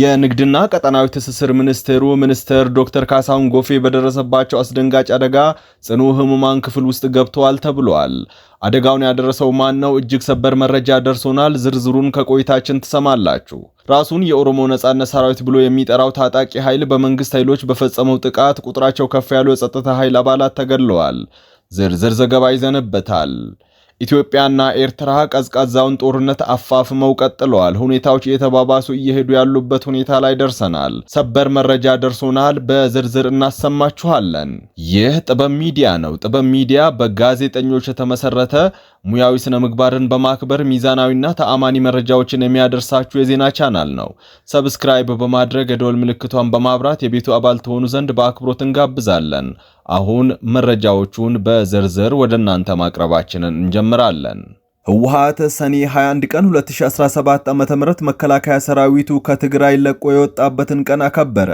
የንግድና ቀጠናዊ ትስስር ሚኒስቴሩ ሚኒስትር ዶክተር ካሳሁን ጎፌ በደረሰባቸው አስደንጋጭ አደጋ ጽኑ ህሙማን ክፍል ውስጥ ገብተዋል ተብሏል። አደጋውን ያደረሰው ማን ነው? እጅግ ሰበር መረጃ ደርሶናል። ዝርዝሩን ከቆይታችን ትሰማላችሁ። ራሱን የኦሮሞ ነጻነት ሰራዊት ብሎ የሚጠራው ታጣቂ ኃይል በመንግስት ኃይሎች በፈጸመው ጥቃት ቁጥራቸው ከፍ ያሉ የጸጥታ ኃይል አባላት ተገድለዋል። ዝርዝር ዘገባ ይዘንበታል። ኢትዮጵያና ኤርትራ ቀዝቃዛውን ጦርነት አፋፍመው ቀጥለዋል። ሁኔታዎች እየተባባሱ እየሄዱ ያሉበት ሁኔታ ላይ ደርሰናል። ሰበር መረጃ ደርሶናል፣ በዝርዝር እናሰማችኋለን። ይህ ጥበብ ሚዲያ ነው። ጥበብ ሚዲያ በጋዜጠኞች የተመሰረተ ሙያዊ ስነ ምግባርን በማክበር ሚዛናዊና ተአማኒ መረጃዎችን የሚያደርሳችሁ የዜና ቻናል ነው። ሰብስክራይብ በማድረግ የደወል ምልክቷን በማብራት የቤቱ አባል ትሆኑ ዘንድ በአክብሮት እንጋብዛለን። አሁን መረጃዎቹን በዝርዝር ወደ እናንተ ማቅረባችንን እንጀምራለን። ህወሓት ሰኔ 21 ቀን 2017 ዓ.ም መከላከያ ሰራዊቱ ከትግራይ ለቆ የወጣበትን ቀን አከበረ።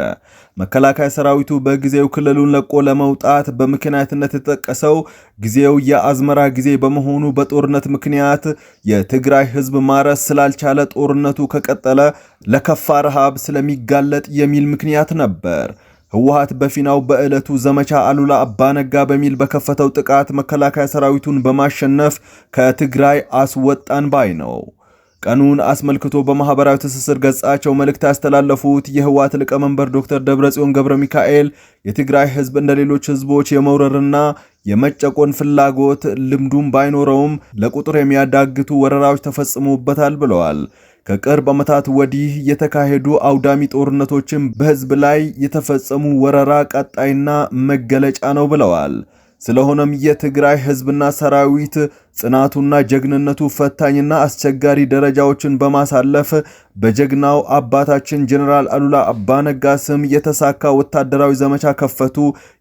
መከላከያ ሰራዊቱ በጊዜው ክልሉን ለቆ ለመውጣት በምክንያትነት የተጠቀሰው ጊዜው የአዝመራ ጊዜ በመሆኑ በጦርነት ምክንያት የትግራይ ህዝብ ማረስ ስላልቻለ ጦርነቱ ከቀጠለ ለከፋ ረሃብ ስለሚጋለጥ የሚል ምክንያት ነበር። ህወሓት በፊናው በዕለቱ ዘመቻ አሉላ አባነጋ በሚል በከፈተው ጥቃት መከላከያ ሰራዊቱን በማሸነፍ ከትግራይ አስወጣን ባይ ነው። ቀኑን አስመልክቶ በማህበራዊ ትስስር ገጻቸው መልእክት ያስተላለፉት የህወሓት ሊቀመንበር ዶክተር ደብረጽዮን ገብረ ሚካኤል የትግራይ ህዝብ እንደ ሌሎች ህዝቦች የመውረርና የመጨቆን ፍላጎት ልምዱም ባይኖረውም ለቁጥር የሚያዳግቱ ወረራዎች ተፈጽሞበታል ብለዋል። ከቅርብ ዓመታት ወዲህ የተካሄዱ አውዳሚ ጦርነቶችን በህዝብ ላይ የተፈጸሙ ወረራ ቀጣይና መገለጫ ነው ብለዋል። ስለሆነም የትግራይ ህዝብና ሰራዊት ጽናቱና ጀግንነቱ ፈታኝና አስቸጋሪ ደረጃዎችን በማሳለፍ በጀግናው አባታችን ጀኔራል አሉላ አባነጋ ስም የተሳካ ወታደራዊ ዘመቻ ከፈቱ።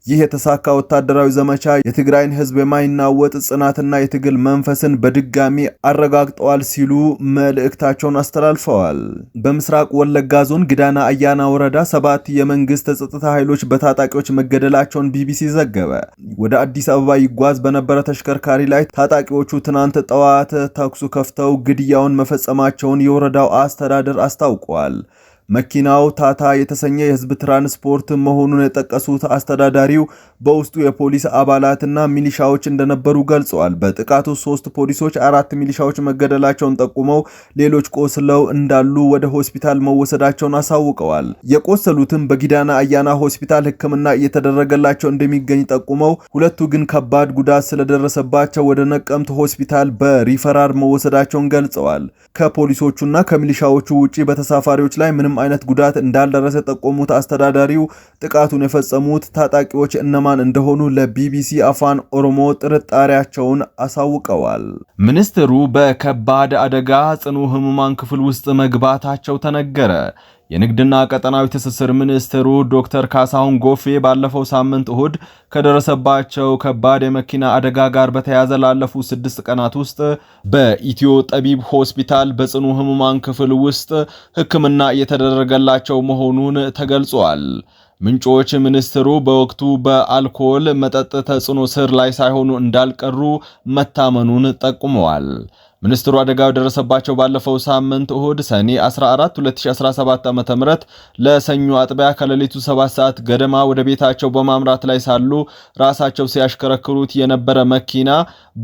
ይህ የተሳካ ወታደራዊ ዘመቻ የትግራይን ሕዝብ የማይናወጥ ጽናትና የትግል መንፈስን በድጋሚ አረጋግጠዋል ሲሉ መልእክታቸውን አስተላልፈዋል። በምስራቅ ወለጋ ዞን ግዳና አያና ወረዳ ሰባት የመንግስት ጸጥታ ኃይሎች በታጣቂዎች መገደላቸውን ቢቢሲ ዘገበ። ወደ አዲስ አበባ ይጓዝ በነበረ ተሽከርካሪ ላይ ታጣቂዎች ታጣቂዎቹ ትናንት ጠዋት ተኩሱ ከፍተው ግድያውን መፈጸማቸውን የወረዳው አስተዳደር አስታውቋል። መኪናው ታታ የተሰኘ የህዝብ ትራንስፖርት መሆኑን የጠቀሱት አስተዳዳሪው በውስጡ የፖሊስ አባላትና ሚሊሻዎች እንደነበሩ ገልጸዋል። በጥቃቱ ሶስት ፖሊሶች፣ አራት ሚሊሻዎች መገደላቸውን ጠቁመው ሌሎች ቆስለው እንዳሉ ወደ ሆስፒታል መወሰዳቸውን አሳውቀዋል። የቆሰሉትም በጊዳና አያና ሆስፒታል ሕክምና እየተደረገላቸው እንደሚገኝ ጠቁመው ሁለቱ ግን ከባድ ጉዳት ስለደረሰባቸው ወደ ነቀምት ሆስፒታል በሪፈራር መወሰዳቸውን ገልጸዋል። ከፖሊሶቹና ከሚሊሻዎቹ ውጪ በተሳፋሪዎች ላይ ምንም አይነት ጉዳት እንዳልደረሰ ጠቆሙት። አስተዳዳሪው ጥቃቱን የፈጸሙት ታጣቂዎች እነማን እንደሆኑ ለቢቢሲ አፋን ኦሮሞ ጥርጣሬያቸውን አሳውቀዋል። ሚኒስትሩ በከባድ አደጋ ጽኑ ህሙማን ክፍል ውስጥ መግባታቸው ተነገረ። የንግድና ቀጠናዊ ትስስር ሚኒስትሩ ዶክተር ካሳሁን ጎፌ ባለፈው ሳምንት እሁድ ከደረሰባቸው ከባድ የመኪና አደጋ ጋር በተያያዘ ላለፉት ስድስት ቀናት ውስጥ በኢትዮ ጠቢብ ሆስፒታል በጽኑ ህሙማን ክፍል ውስጥ ሕክምና እየተደረገላቸው መሆኑን ተገልጿል። ምንጮች ሚኒስትሩ በወቅቱ በአልኮል መጠጥ ተጽዕኖ ስር ላይ ሳይሆኑ እንዳልቀሩ መታመኑን ጠቁመዋል። ሚኒስትሩ አደጋው የደረሰባቸው ባለፈው ሳምንት እሁድ ሰኔ 14 2017 ዓ ም ለሰኞ አጥቢያ ከሌሊቱ 7 ሰዓት ገደማ ወደ ቤታቸው በማምራት ላይ ሳሉ ራሳቸው ሲያሽከረክሩት የነበረ መኪና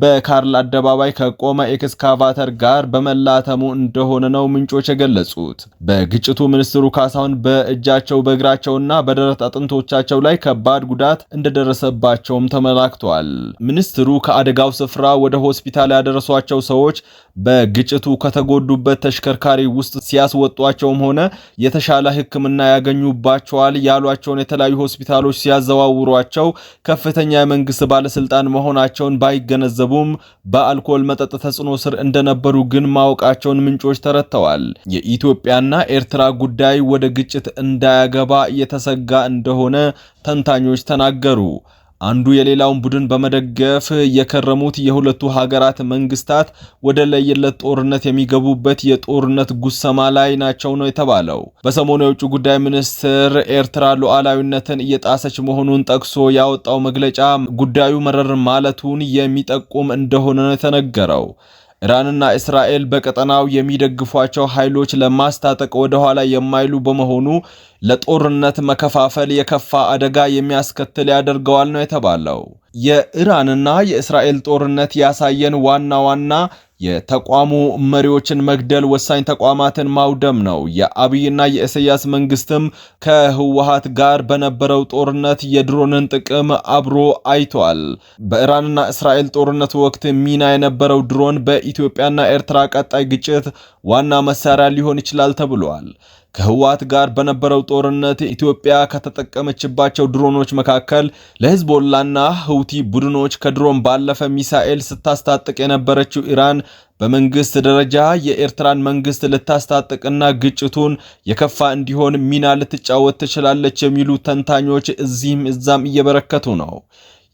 በካርል አደባባይ ከቆመ ኤክስካቫተር ጋር በመላተሙ እንደሆነ ነው ምንጮች የገለጹት። በግጭቱ ሚኒስትሩ ካሳሁን በእጃቸው በእግራቸውና በደረት አጥንቶቻቸው ላይ ከባድ ጉዳት እንደደረሰባቸውም ተመላክቷል። ሚኒስትሩ ከአደጋው ስፍራ ወደ ሆስፒታል ያደረሷቸው ሰዎች በግጭቱ ከተጎዱበት ተሽከርካሪ ውስጥ ሲያስወጧቸውም ሆነ የተሻለ ሕክምና ያገኙባቸዋል ያሏቸውን የተለያዩ ሆስፒታሎች ሲያዘዋውሯቸው ከፍተኛ የመንግስት ባለስልጣን መሆናቸውን ባይገነዘቡም በአልኮል መጠጥ ተጽዕኖ ስር እንደነበሩ ግን ማወቃቸውን ምንጮች ተረድተዋል። የኢትዮጵያና ኤርትራ ጉዳይ ወደ ግጭት እንዳያገባ እየተሰጋ እንደሆነ ተንታኞች ተናገሩ። አንዱ የሌላውን ቡድን በመደገፍ የከረሙት የሁለቱ ሀገራት መንግስታት ወደ ለየለት ጦርነት የሚገቡበት የጦርነት ጉሰማ ላይ ናቸው ነው የተባለው። በሰሞኑ የውጭ ጉዳይ ሚኒስትር ኤርትራ ሉዓላዊነትን እየጣሰች መሆኑን ጠቅሶ ያወጣው መግለጫ ጉዳዩ መረር ማለቱን የሚጠቁም እንደሆነ ነው የተነገረው። ኢራንና እስራኤል በቀጠናው የሚደግፏቸው ኃይሎች ለማስታጠቅ ወደኋላ የማይሉ በመሆኑ ለጦርነት መከፋፈል የከፋ አደጋ የሚያስከትል ያደርገዋል ነው የተባለው። የኢራንና የእስራኤል ጦርነት ያሳየን ዋና ዋና የተቋሙ መሪዎችን መግደል፣ ወሳኝ ተቋማትን ማውደም ነው። የአብይና የኢሳያስ መንግስትም ከህወሀት ጋር በነበረው ጦርነት የድሮንን ጥቅም አብሮ አይቷል። በኢራንና እስራኤል ጦርነት ወቅት ሚና የነበረው ድሮን በኢትዮጵያና ኤርትራ ቀጣይ ግጭት ዋና መሳሪያ ሊሆን ይችላል ተብሏል። ከህወሀት ጋር በነበረው ጦርነት ኢትዮጵያ ከተጠቀመችባቸው ድሮኖች መካከል ለህዝቦላና ህውቲ ቡድኖች ከድሮን ባለፈ ሚሳኤል ስታስታጥቅ የነበረችው ኢራን በመንግስት ደረጃ የኤርትራን መንግስት ልታስታጥቅና ግጭቱን የከፋ እንዲሆን ሚና ልትጫወት ትችላለች የሚሉ ተንታኞች እዚህም እዛም እየበረከቱ ነው።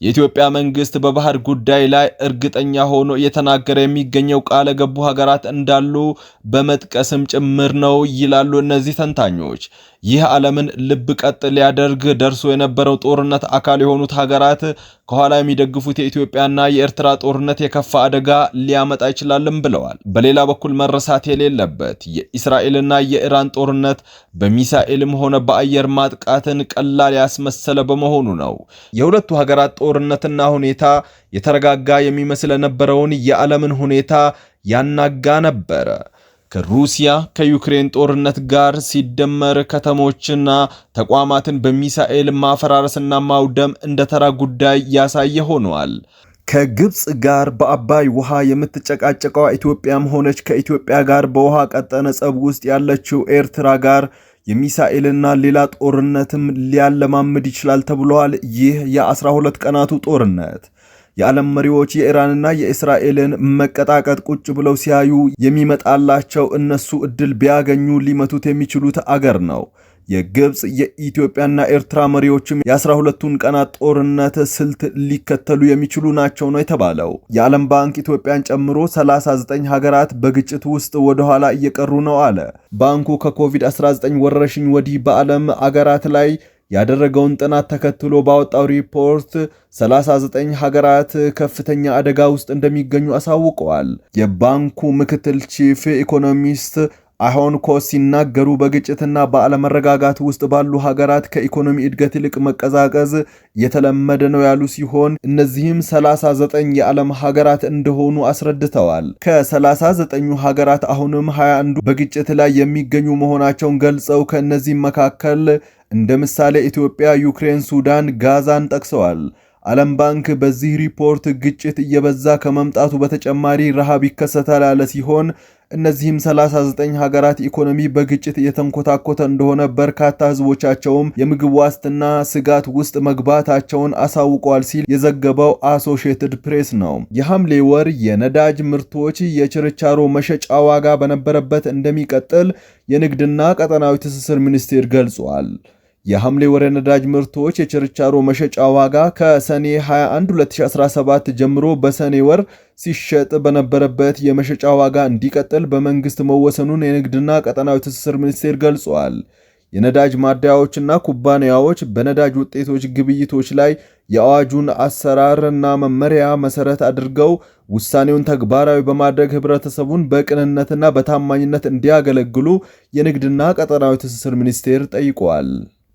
የኢትዮጵያ መንግስት በባህር ጉዳይ ላይ እርግጠኛ ሆኖ እየተናገረ የሚገኘው ቃለ ገቡ ሀገራት እንዳሉ በመጥቀስም ጭምር ነው ይላሉ እነዚህ ተንታኞች። ይህ ዓለምን ልብ ቀጥ ሊያደርግ ደርሶ የነበረው ጦርነት አካል የሆኑት ሀገራት ከኋላ የሚደግፉት የኢትዮጵያና የኤርትራ ጦርነት የከፋ አደጋ ሊያመጣ ይችላልም ብለዋል። በሌላ በኩል መረሳት የሌለበት የእስራኤልና የኢራን ጦርነት በሚሳኤልም ሆነ በአየር ማጥቃትን ቀላል ያስመሰለ በመሆኑ ነው የሁለቱ ሀገራት ጦርነትና ሁኔታ የተረጋጋ የሚመስል የነበረውን የዓለምን ሁኔታ ያናጋ ነበረ። ከሩሲያ ከዩክሬን ጦርነት ጋር ሲደመር ከተሞችና ተቋማትን በሚሳኤል ማፈራረስና ማውደም እንደ ተራ ጉዳይ ያሳየ ሆኗል። ከግብፅ ጋር በአባይ ውሃ የምትጨቃጨቀው ኢትዮጵያም ሆነች ከኢትዮጵያ ጋር በውሃ ቀጠነ ጸብ ውስጥ ያለችው ኤርትራ ጋር የሚሳኤልና ሌላ ጦርነትም ሊያለማምድ ይችላል ተብሏል። ይህ የ12 ቀናቱ ጦርነት የዓለም መሪዎች የኢራንና የእስራኤልን መቀጣቀጥ ቁጭ ብለው ሲያዩ የሚመጣላቸው እነሱ እድል ቢያገኙ ሊመቱት የሚችሉት አገር ነው። የግብፅ የኢትዮጵያና ኤርትራ መሪዎችም የአስራ ሁለቱን ቀናት ጦርነት ስልት ሊከተሉ የሚችሉ ናቸው ነው የተባለው። የዓለም ባንክ ኢትዮጵያን ጨምሮ 39 ሀገራት በግጭት ውስጥ ወደኋላ እየቀሩ ነው አለ። ባንኩ ከኮቪድ-19 ወረርሽኝ ወዲህ በዓለም አገራት ላይ ያደረገውን ጥናት ተከትሎ ባወጣው ሪፖርት 39 ሀገራት ከፍተኛ አደጋ ውስጥ እንደሚገኙ አሳውቀዋል። የባንኩ ምክትል ቺፍ ኢኮኖሚስት አሁን ኮ ሲናገሩ በግጭትና በአለመረጋጋት ውስጥ ባሉ ሀገራት ከኢኮኖሚ እድገት ይልቅ መቀዛቀዝ የተለመደ ነው ያሉ ሲሆን እነዚህም 39 የዓለም ሀገራት እንደሆኑ አስረድተዋል። ከ39ኙ ሀገራት አሁንም 21ዱ በግጭት ላይ የሚገኙ መሆናቸውን ገልጸው ከእነዚህም መካከል እንደ ምሳሌ ኢትዮጵያ፣ ዩክሬን፣ ሱዳን፣ ጋዛን ጠቅሰዋል። ዓለም ባንክ በዚህ ሪፖርት ግጭት እየበዛ ከመምጣቱ በተጨማሪ ረሃብ ይከሰታል ያለ ሲሆን እነዚህም 39 ሀገራት ኢኮኖሚ በግጭት እየተንኮታኮተ እንደሆነ በርካታ ህዝቦቻቸውም የምግብ ዋስትና ስጋት ውስጥ መግባታቸውን አሳውቋል ሲል የዘገበው አሶሺየትድ ፕሬስ ነው። የሐምሌ ወር የነዳጅ ምርቶች የችርቻሮ መሸጫ ዋጋ በነበረበት እንደሚቀጥል የንግድና ቀጠናዊ ትስስር ሚኒስቴር ገልጿል። የሐምሌ ወር የነዳጅ ምርቶች የችርቻሮ መሸጫ ዋጋ ከሰኔ 21 2017 ጀምሮ በሰኔ ወር ሲሸጥ በነበረበት የመሸጫ ዋጋ እንዲቀጥል በመንግሥት መወሰኑን የንግድና ቀጠናዊ ትስስር ሚኒስቴር ገልጿል። የነዳጅ ማደያዎችና ኩባንያዎች በነዳጅ ውጤቶች ግብይቶች ላይ የአዋጁን አሰራርና መመሪያ መሠረት አድርገው ውሳኔውን ተግባራዊ በማድረግ ህብረተሰቡን በቅንነትና በታማኝነት እንዲያገለግሉ የንግድና ቀጠናዊ ትስስር ሚኒስቴር ጠይቋል።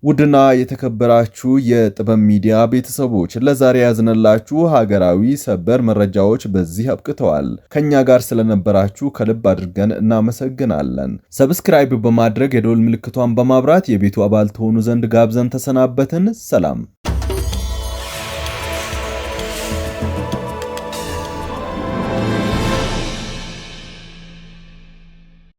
ውድና የተከበራችሁ የጥበብ ሚዲያ ቤተሰቦች ለዛሬ ያዝነላችሁ ሀገራዊ ሰበር መረጃዎች በዚህ አብቅተዋል። ከእኛ ጋር ስለነበራችሁ ከልብ አድርገን እናመሰግናለን። ሰብስክራይብ በማድረግ የደወል ምልክቷን በማብራት የቤቱ አባል ተሆኑ ዘንድ ጋብዘን ተሰናበትን። ሰላም